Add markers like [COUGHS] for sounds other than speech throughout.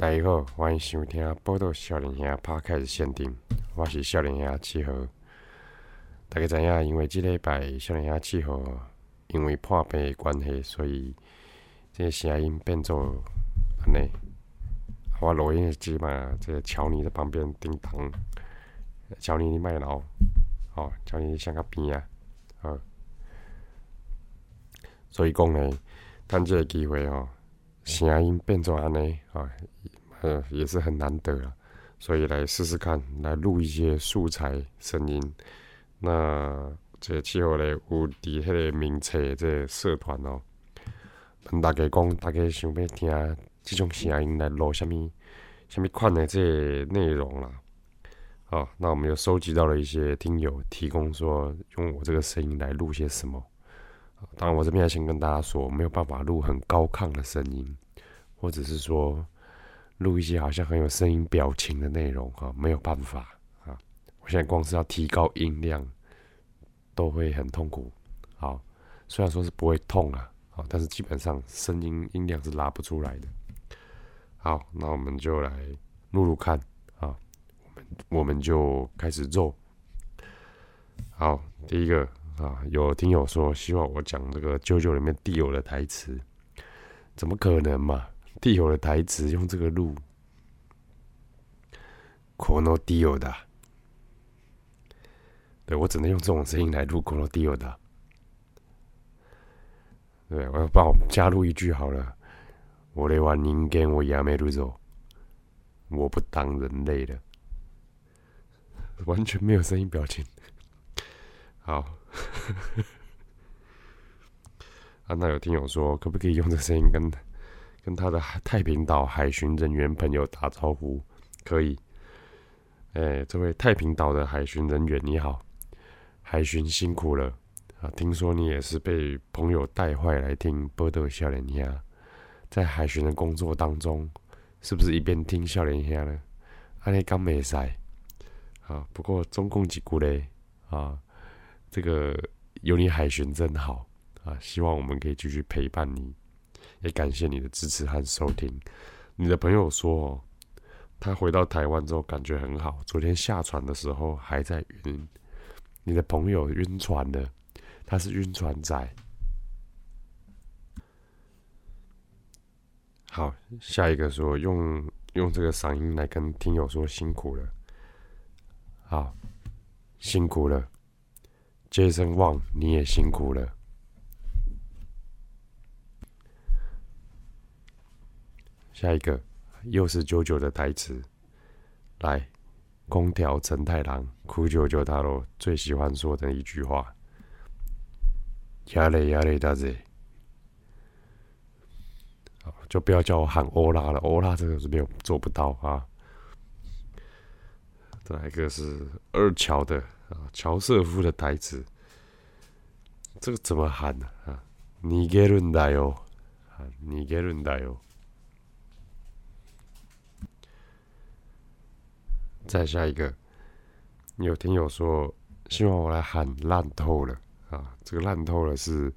大家好，歡迎收聽《報道。少年兄拍開的限定》，我是少年兄七號。大家知影，因為即禮拜少年兄七號因為破病的關係，所以這聲音變做安尼。我錄音的時陣嘛，這喬、個、尼在旁邊叮當，喬尼你賣鬧，吼、哦，喬尼生較病啊，好、哦。所以講誒趁即個機會吼、哦。聲音變成安尼、啊，也是很難得啊，所以來試試看，來錄一些素材聲音。那這氣候咧，有佇迄個名冊這個社團哦、喔，問大家講，大家想要聽這種聲音來錄什麼、什麼款的這內容啦？哦、啊，那我們又收集到了一些聽友提供說，用我這個聲音來錄些什麼？當然，我這邊先跟大家說，沒有辦法錄很高亢的聲音，或者是說錄一些好像很有聲音表情的內容哈、喔，沒有辦法啊、喔。我現在光是要提高音量，都會很痛苦。好，雖然說是不會痛啊，好、喔，但是基本上聲音音量是拉不出來的。好，那我們就來錄錄看啊，我們我們就開始做。好，第一個。啊，有聽友說希望我講這個《JOJO》裡面 DIO 的台詞，怎麼可能嘛？DIO 的台詞用這個錄，この DIO だ。對，我只能用這種聲音來錄この DIO だ。對，我要幫我加入一句好了，我は人間をやめるぞ，我不當人類了，完全沒有聲音表情。好，安、 [LAUGHS] 啊、那有聽友說，可不可以用這聲音跟跟他的太平島海巡人員朋友打招呼？可以，哎、欸，這位太平島的海巡人員你好，海巡辛苦了、啊、聽說你也是被朋友帶壞來聽《波德笑臉鴨》？在海巡的工作當中，是不是一邊聽笑臉鴨呢？安尼敢未使？啊、不過中共幾句呢？啊。這個有你海巡真好啊！希望我們可以繼續陪伴你，也感謝你的支持和收聽。你的朋友說，他回到台灣之後感覺很好。昨天下船的時候還在暈，你的朋友暈船的，他是暈船仔。好，下一個說，用、用這個嗓音來跟聽友說辛苦了。好，辛苦了。Jason Wang，你也辛苦了。下一個，又是 JoJo 的台詞。來，空條承太郎，JoJo 他羅最喜歡說的一句話。やれやれだぜ。好，就不要叫我喊歐拉了，歐拉這個是沒有做不到啊。再來一個，是二喬的。喬瑟夫的台詞，這個怎麼喊呢？啊，逃げるんだよ，逃げるんだよ。再下一個，有聽友說希望我來喊，爛透了啊！這個爛透了是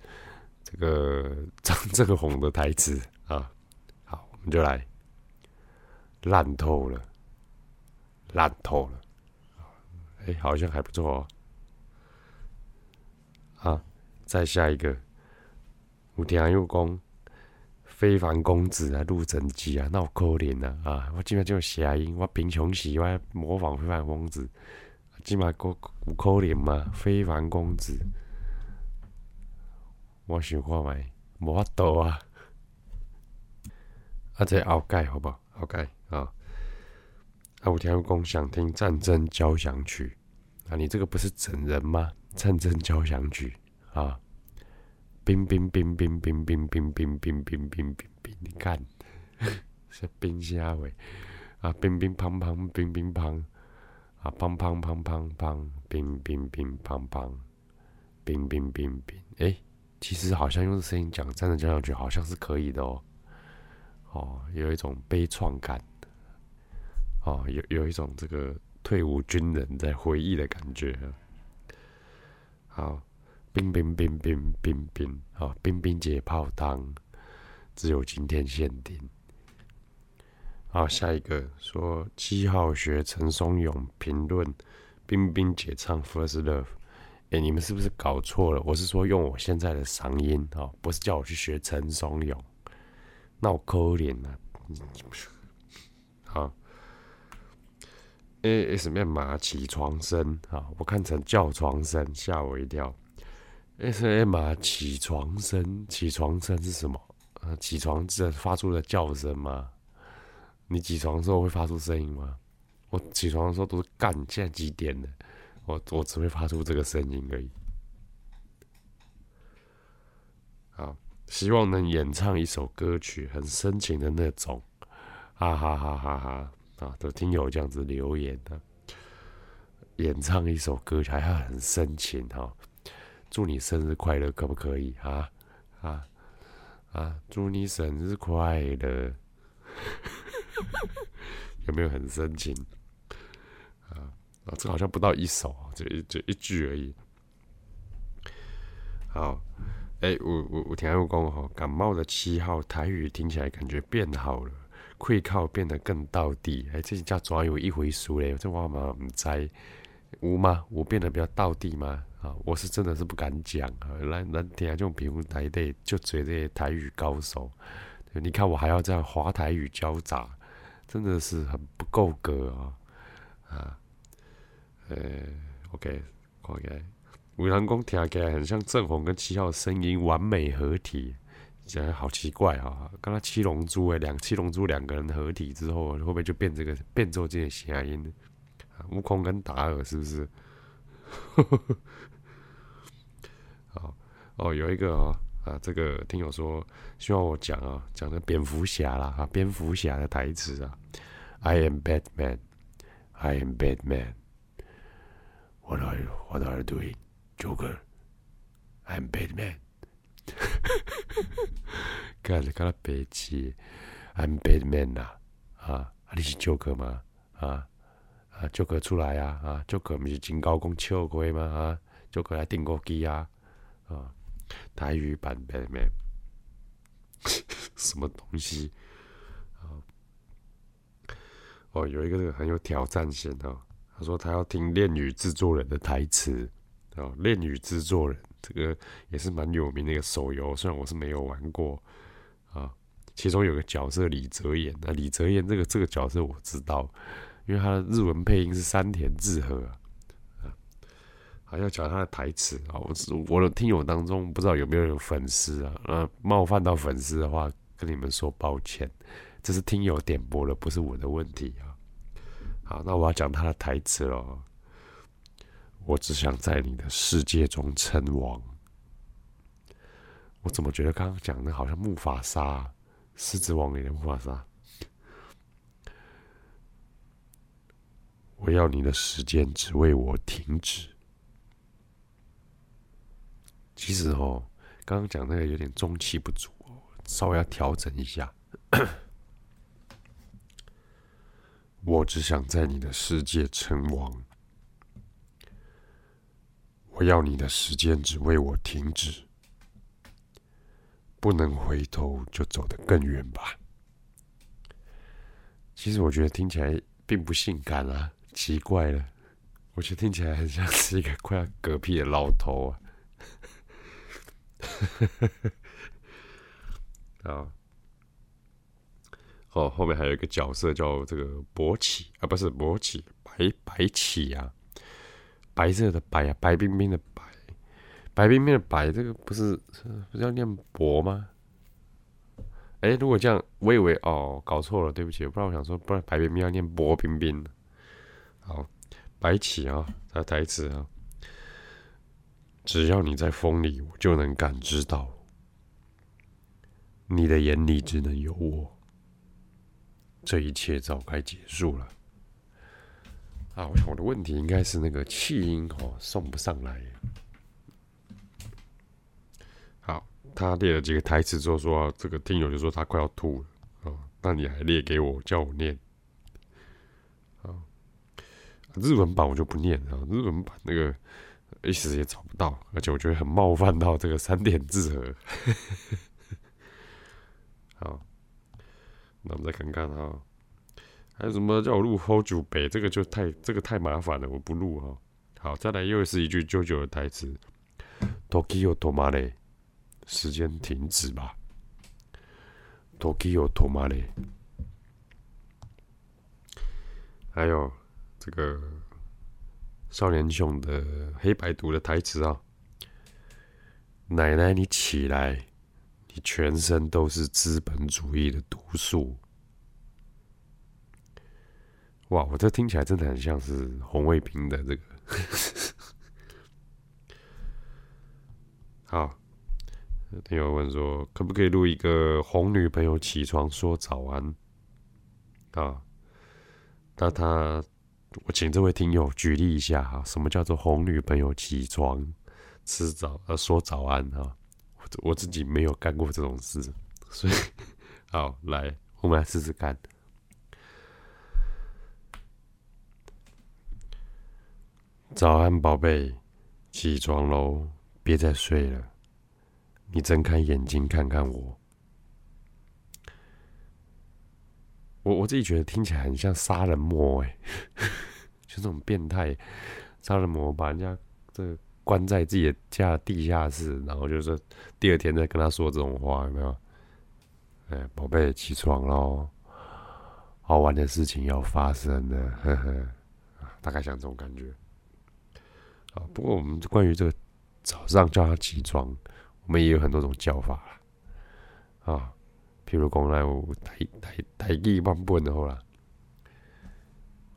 這個張正宏的台詞啊。好，我們就來，爛透了，爛透了。誒、欸，好像還不錯哦。啊，再下一個，有聽友講非凡公子啊，陸晨基啊，那有可能吶啊，啊！我今嘛只有諧音，我平常時，我模仿非凡公子，今嘛夠有可能嘛，非凡公子。我想看覓，無法度啊。啊，這敖蓋好不好？敖、okay, 改啊。啊，武天公想聽《戰爭交響曲》啊！你這個不是整人嗎？《戰爭交響曲》啊，兵兵兵兵兵兵兵兵兵兵兵兵兵，你看，是兵啥話？啊，兵兵乓乓，兵兵乓，啊，乓乓乓乓乓，兵兵兵乓乓，兵兵兵兵。誒，其實好像用這聲音講《戰爭交響曲》，好像是可以的哦。哦，有一種悲愴感。哦，有有一種這個退伍軍人在回憶的感覺。好，冰冰冰冰冰冰，冰，好冰冰姐泡湯，只有今天限定。好，下一個說七號學陳松勇評論冰冰姐唱 First Love，哎，欸，你們是不是搞錯了？我是說用我現在的嗓音，哦，不是叫我去學陳松勇，那我摳臉了。 [LAUGHS] ASMR 起床聲，我看成叫床聲，嚇我一跳。ASMR 起床聲，起床聲是什麼？呃，起床是發出的叫聲嗎？你起床的時候會發出聲音嗎？我起床的時候都是幹，現在幾點了？我我只會發出這個聲音而已。好，希望能演唱一首歌曲，很深情的那種。哈哈哈哈哈。啊，都聽友這樣子留言的，啊，演唱一首歌，還要很深情哈，啊。祝你生日快樂，可不可以啊？啊啊，啊，祝你生日快樂，有沒有很深情，啊？啊這好像不到一首，這一這一句而已。好，欸，哎，我我我聽他們講哈，感冒的七號台語聽起來感覺變好了。會靠變得更道地。哎，欸，這家總要有一回輸嘞！這我嘛，媽唔知，我嘛，我變得比較道地嘛。啊，我是真的是不敢講啊！難難聽下這種屏幕台的，就絕對台語高手。你看我還要這樣華台語交雜，真的是很不夠格哦！啊，呃，OK，OK，OK, OK, 有人講聽起來很像鄭紅跟七號的聲音完美合體。講得好奇怪哈、喔！剛剛七龍珠誒、欸，兩七龍珠兩個人合體之後，後面就變這個變做這個聲音、啊、悟空跟達爾是不是？ [LAUGHS] 好哦，有一個哦、喔、啊，這個聽友說希望我講啊、喔，講的蝙蝠俠啦哈、啊，蝙蝠俠的台詞啊，“I am Batman, I am Batman, what are you, what are you doing, Joker? I am Batman.” 看，你看他白字，I'm bad man 啊。啊，你是 Joker 嗎？啊啊，Joker 出來啊，啊，Joker 不是金高公笑虧嗎？啊，Joker 來頂鍋雞啊，啊，台語版 bad man， [LAUGHS] 什麼東西、啊？哦，有一個很有挑戰性哦，他說他要聽戀與製作人的台詞，哦、啊，戀與製作人。這個也是蠻有名的一個手遊，雖然我是沒有玩過啊。其中有個角色李澤言，那、啊、李澤言這個這個角色我知道，因為他的日文配音是山田智和啊。好、啊，要講他的台詞啊。我我的聽友當中不知道有沒有人有粉絲啊？那、啊、冒犯到粉絲的話，跟你們說抱歉，這是聽友點播的，不是我的問題啊。啊好，那我要講他的台詞了。我只想在你的世界中稱王。我怎麼覺得剛剛講的好像木法沙，獅子王裡的木法沙。我要你的時間，只為我停止。其實哦，剛剛講那個有點中氣不足，稍微要調整一下。 [COUGHS] 我只想在你的世界稱王。要你的時間，只為我停止，不能回頭就走得更遠吧。其實我覺得聽起來並不性感啊，奇怪了，我覺得聽起來很像是一個快要嗝屁的老頭啊。 [LAUGHS] 好，哦，後面還有一個角色叫這個勃起啊，啊，不是勃起，白白起啊。白色的白啊，白冰冰的白，白冰冰的白，這個不是，是不是要念薄嗎？哎，如果這樣，我以為哦，搞錯了，對不起，我不然我想說，不然白冰冰要念薄冰冰。好，白起啊，他台詞啊，只要你在風裡，我就能感知到你的眼裡只能有我，這一切早該結束了。啊，我想我的問題應該是那個氣音哦，送不上來。好，他列了幾個台詞之後說，說這個聽友就說他快要吐了哦，那你還列給我，叫我念。日文版我就不念啊、哦，日文版那個一時也找不到，而且我覺得很冒犯到這個三點字和。 [LAUGHS] 好，那我們再看看啊、哦。還有、哎、什麼叫我錄喝酒杯？這個就太這個太麻煩了，我不錄啊、哦。好，再來又是一句 JoJo 的台詞時よ止まれ，時間停止吧。時よ止まれ，還有這個《少年勇》的黑白讀的台詞啊、哦！奶奶，你起來，你全身都是資本主義的毒素。哇，我這聽起來真的很像是紅衛兵的這個。 [LAUGHS] 好，有朋友問說，可不可以錄一個哄女朋友起床說早安？啊，那他，我請這位聽友舉例一下，啊，什麼叫做哄女朋友起床吃早呃說早安啊？我，我自己沒有幹過這種事，所以，好，來，我們來試試看。早安，寶貝，起床嘍！別再睡了，你睜開眼睛看看我。我我自己覺得聽起來很像殺人魔誒、欸， [LAUGHS] 就這種變態殺人魔把人家這關在自己的家的地下室，然後就是第二天再跟他說這種話，有沒有？哎、欸，寶貝，起床嘍！好玩的事情要發生了，呵呵，大概像這種感覺。啊、不過我們關於這個早上叫他起床，我們也有很多種叫法啦。啊，譬如講來，台台台語版本的好啦。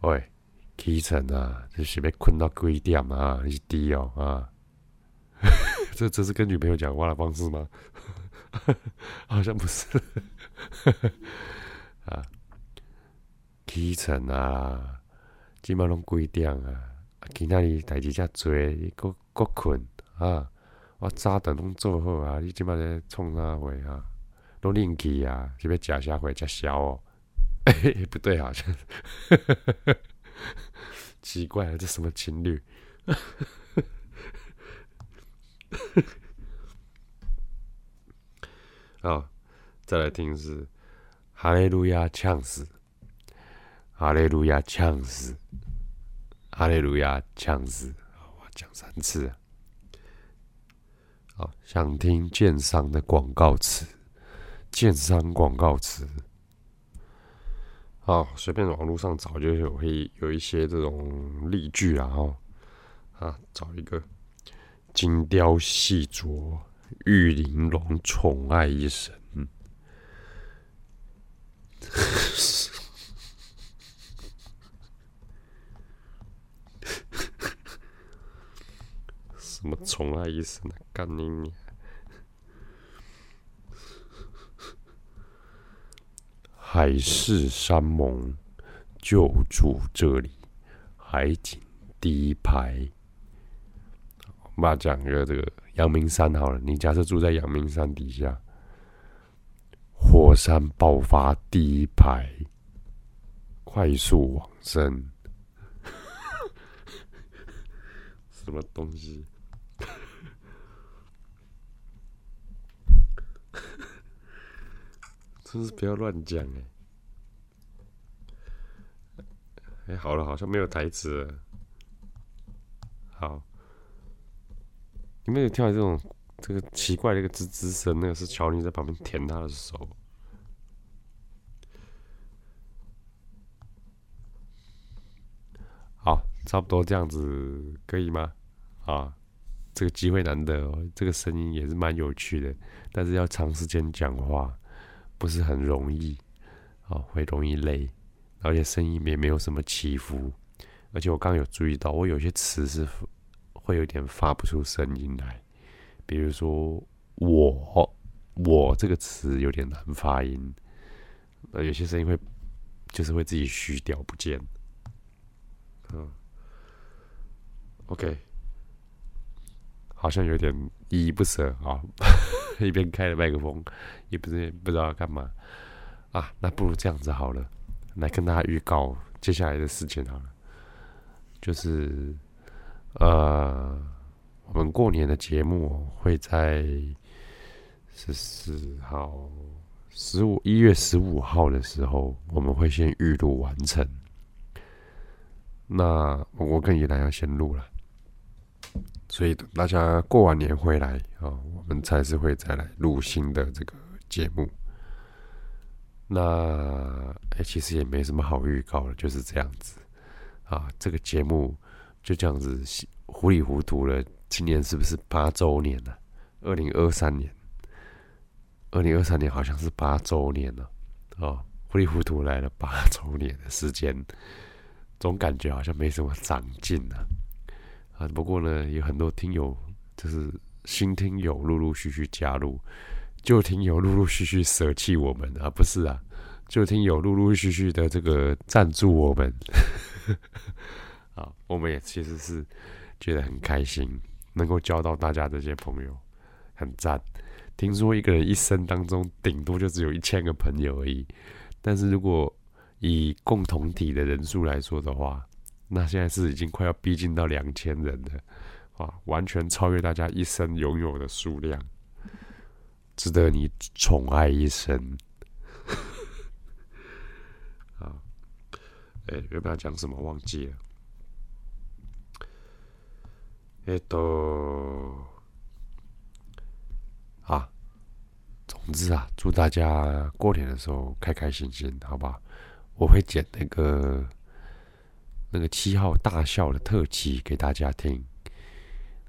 喂，起床啊！這、就是要睏到幾點啊？是滴哦啊！ [LAUGHS] 這這是跟女朋友講話的方式嗎？ [LAUGHS] 好像不是。 [LAUGHS] 啊，起床啊！今麥攏幾點啊？今仔日代志遮濟，伊擱擱困啊！我早頓攏做好在在啊，你即馬咧創啥？話啊？攏恁去啊，是欲食啥？話食笑哦。哎、欸，不對啊， [LAUGHS] 奇怪，這什麼情侶？ [LAUGHS] 好、哦，再來聽是哈利路亞唱死，哈利路亞唱死。哈利路亞，ia, 這樣子，我講三次。好，想聽建商的廣告詞，建商廣告詞。好，隨便網絡上找，就有會有一些這種例句啦啊，找一個，精雕細琢，玉玲瓏，寵愛一生。 [LAUGHS] 什麼寵愛一生？幹你娘！海誓山盟就住這裡，海景第一排。我們把講一個這個陽明山好了，你家是住在陽明山底下，火山爆發第一排，快速往生。 [LAUGHS] 什麼東西？就是不要亂講哎！好了，好像沒有台詞。好，有沒有聽到這種這個奇怪的一個吱吱聲？那個是喬尼在旁邊舔他的手。好，差不多這樣子可以嗎？啊，這個機會難得哦，這個聲音也是蠻有趣的，但是要長時間講話。不是很容易，哦，會容易累，而且聲音也沒有什麼起伏，而且我剛剛有注意到，我有些詞是會有點發不出聲音來，比如說“我”，“哦、我”這個詞有點難發音，有些聲音會就是會自己虛掉不見，嗯，OK，好像有點依依不捨啊。 [LAUGHS] 一邊開着麥克風，也不是也不知道要幹嘛啊。那不如這樣子好了，來跟大家預告接下來的事情好了，就是呃，我們過年的節目會在十四號、十五一月十五號的時候，我們會先預錄完成。那我跟伊達要先錄了。所以大家過完年回來啊、哦，我們才是會再來錄新的這個節目。那、欸、其實也沒什麼好預告了，就是這樣子啊。這個節目就這樣子糊裡糊塗了。今年是不是八週年了、啊？二零二三年，二零二三年好像是八週年了、啊、哦，糊裡糊塗來了八週年的時間，總感覺好像沒什麼長進了、啊。啊，不過呢，有很多聽友就是新聽友陸陸續續加入，舊聽友陸陸續續捨棄我們啊，不是啊，舊聽友陸陸續續的這個贊助我們， [LAUGHS] 好，我們也其實是覺得很開心，能夠交到大家這些朋友，很贊。聽說一個人一生當中頂多就只有一千個朋友而已，但是如果以共同體的人數來說的話。那現在是已經快要逼近到兩千人了，啊，完全超越大家一生擁有的數量，值得你寵愛一生。 [LAUGHS] 啊，哎、欸，原本要講什麼忘記了。哎、欸，都啊，總之啊，祝大家過年的時候開開心心，好吧？我會剪那個。那個七號大笑的特輯給大家聽，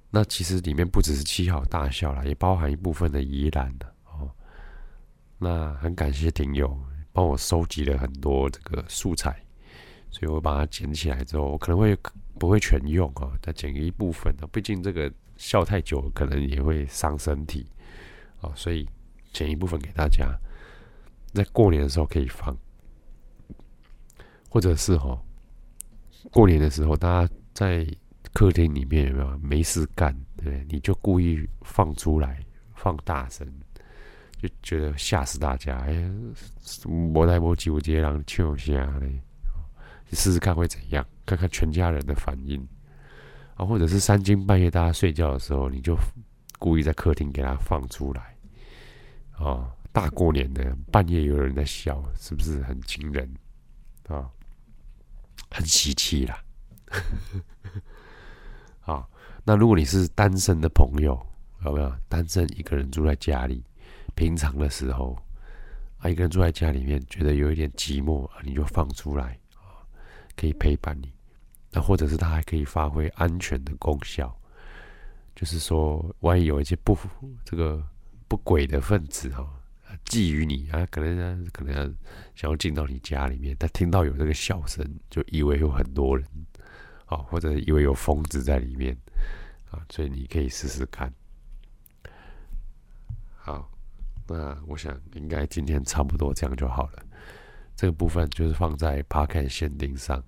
那其實裡面不只是七號大笑啦，也包含一部分的疑難的哦。那很感謝聽友幫我收集了很多這個素材，所以我把它剪起來之後，我可能會不會全用啊？再、哦、剪一部分哦、畢竟這個笑太久可能也會傷身體哦，所以剪一部分給大家，在過年的時候可以放，或者是吼。哦過年的時候，大家在客廳裡面有沒有沒事幹？對，你就故意放出來放大聲，就覺得嚇死大家。哎，莫來莫急，我直接讓我聲嘞，你試試看會怎樣？看看全家人的反應。啊，或者是三更半夜大家睡覺的時候，你就故意在客廳給他放出來。啊、哦，大過年的半夜有人在笑，是不是很驚人？啊、哦。很稀奇啦， [LAUGHS] 啊，那如果你是單身的朋友，有沒有單身一個人住在家裡，平常的時候啊，一個人住在家裡面，覺得有一點寂寞啊，你就放出來可以陪伴你，那或者是它還可以發揮安全的功效，就是說，萬一有一些不這個不軌的分子啊。覬覦你啊，可能、啊、可能、啊、想要進到你家裡面，但聽到有這個笑聲，就以為有很多人，好、啊，或者以為有瘋子在裡面啊，所以你可以試試看。好，那我想應該今天差不多這樣就好了。這個部分就是放在 Park and 限定上，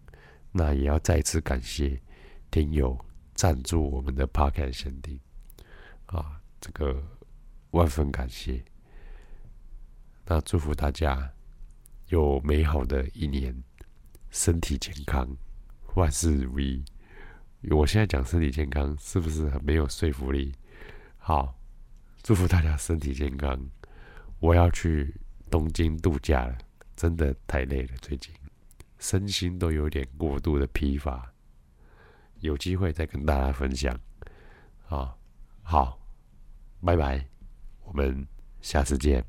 那也要再次感謝聽友贊助我們的 Park and 限定，啊，這個萬分感謝。那祝福大家有美好的一年，身體健康，萬事如意。我現在講身體健康是不是很沒有說服力？好，祝福大家身體健康。我要去東京度假了，真的太累了，最近身心都有點過度的疲乏。有機會再跟大家分享。好好，拜拜，我們下次見。